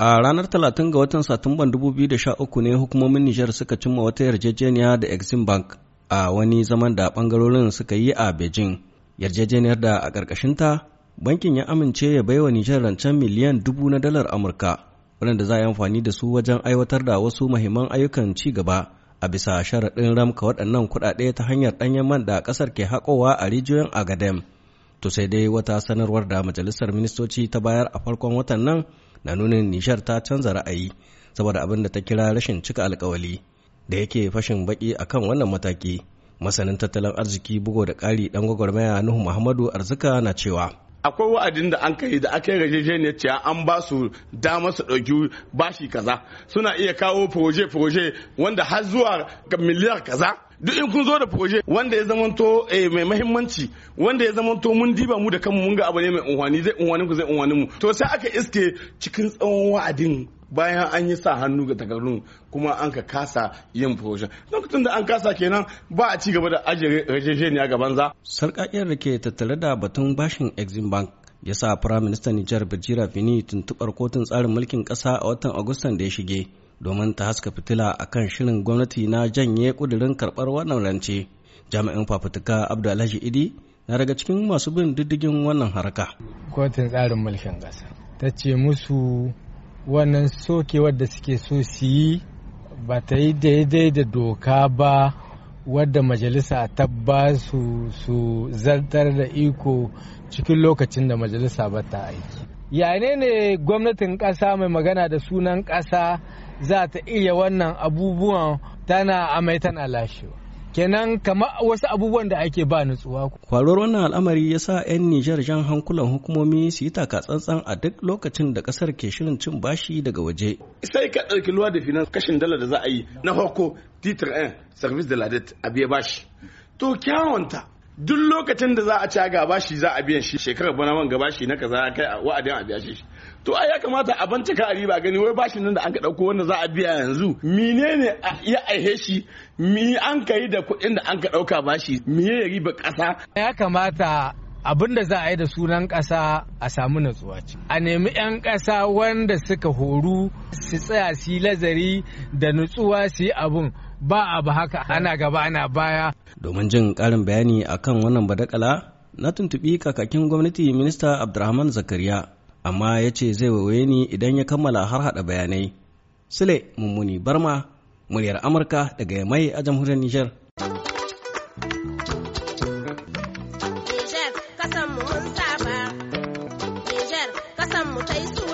A ranar 30 ga watan Satumban 2013 ne hukumomin Nijar suka cimma wata yarjejeniya da Exim Bank a wani zaman da bangarorin suka yi a Beijing. Yarjejeniyar da a ƙarƙashinta, bankin ya amince ya wa Nijar rancen miliyan dubu na dalar Amurka, waɗanda za a yi amfani da su wajen aiwatar da wasu mahimman ayyukan ci gaba a bisa sharaɗin ramka waɗannan kuɗaɗe ta hanyar ɗanyen man da ƙasar ke haƙowa a rijiyoyin Agadem. To sai dai wata sanarwar da Majalisar Ministoci ta bayar a farkon watan nan na nunin nishar ta canza ra'ayi saboda abin da ta kira rashin cika alkawali da yake fashin baki akan wannan mataki masanin tattalin arziki bugo da ƙari dan gwagwarmaya nuhu muhammadu arzika na cewa akwai wa'adin da an kai da aka yi gajejeniyar cewa an ba su dama su ɗauki bashi kaza suna iya kawo proje-proje wanda har zuwa miliyar kaza duk in kun zo da proje wanda ya zamanto eh, mai mahimmanci wanda ya zamanto mun diba mu da kanmu mun ga abu ne mai unwani zai unwani ku zai unwani mu to sai aka iske cikin tsawon wa'adin bayan an yi sa hannu ga takardun kuma an ka kasa yin proje lokacin da an kasa kenan ba a ci gaba da ajiye rajejeniya ga banza sarƙaƙiyar da ke tattare da batun bashin exim bank ya sa firaministan nijar bajira fini tuntuɓar kotun tsarin mulkin ƙasa a watan agustan da ya shige domin ta haska fitila a kan shirin gwamnati na janye kudirin karɓar wannan rance jami'in fafutuka abdullahi idi na daga cikin masu bin diddigin wannan haraka kotun tsarin mulkin ƙasa ta ce musu wannan sokewar da suke so su yi ba ta yi daidai da doka ba wadda majalisa ta ba su zartar da iko cikin lokacin da majalisa ba ta aiki yane ne gwamnatin ƙasa mai magana da sunan ƙasa za ta iya wannan abubuwan tana amai tana lashewa kenan kama wasu abubuwan da ake ba nutsuwa kwaruwar wannan al'amari ya sa 'yan nijar jan hankulan hukumomi su yi taka tsantsan a duk lokacin da kasar ke shirin cin bashi daga waje sai ka ɗauki luwa da finan kashin dala da za a yi na hoko titir 1 service de la dette a biya bashi to kyawunta duk lokacin da za a ca gaba shi za a biyan shi shekarar bana man gaba shi na kaza kai wa'adin a biya shi to ai ya kamata a bincika a riba gani wai bashin nan da an ka dauko wanda za a biya yanzu menene ya aihe shi mi an kai da kuɗin da an ka dauka bashi miye ya riba ƙasa ya kamata abin da za a yi da sunan kasa a samu natsuwa ce a nemi 'yan ƙasa wanda suka horu su tsaya su yi lazari da nutsuwa su yi abin ba abu haka ana gaba ana baya domin jin ƙarin bayani akan wannan badakala na tuntuɓi kakakin gwamnati minista abdurrahman zakariya amma ya ce zai waiwaye ni idan ya kammala har hada bayanai sule mummuni barma muryar amurka daga Yamai a jamhuriyar nijar Nijar, kasan mun Nijar, kasan mu ta yi su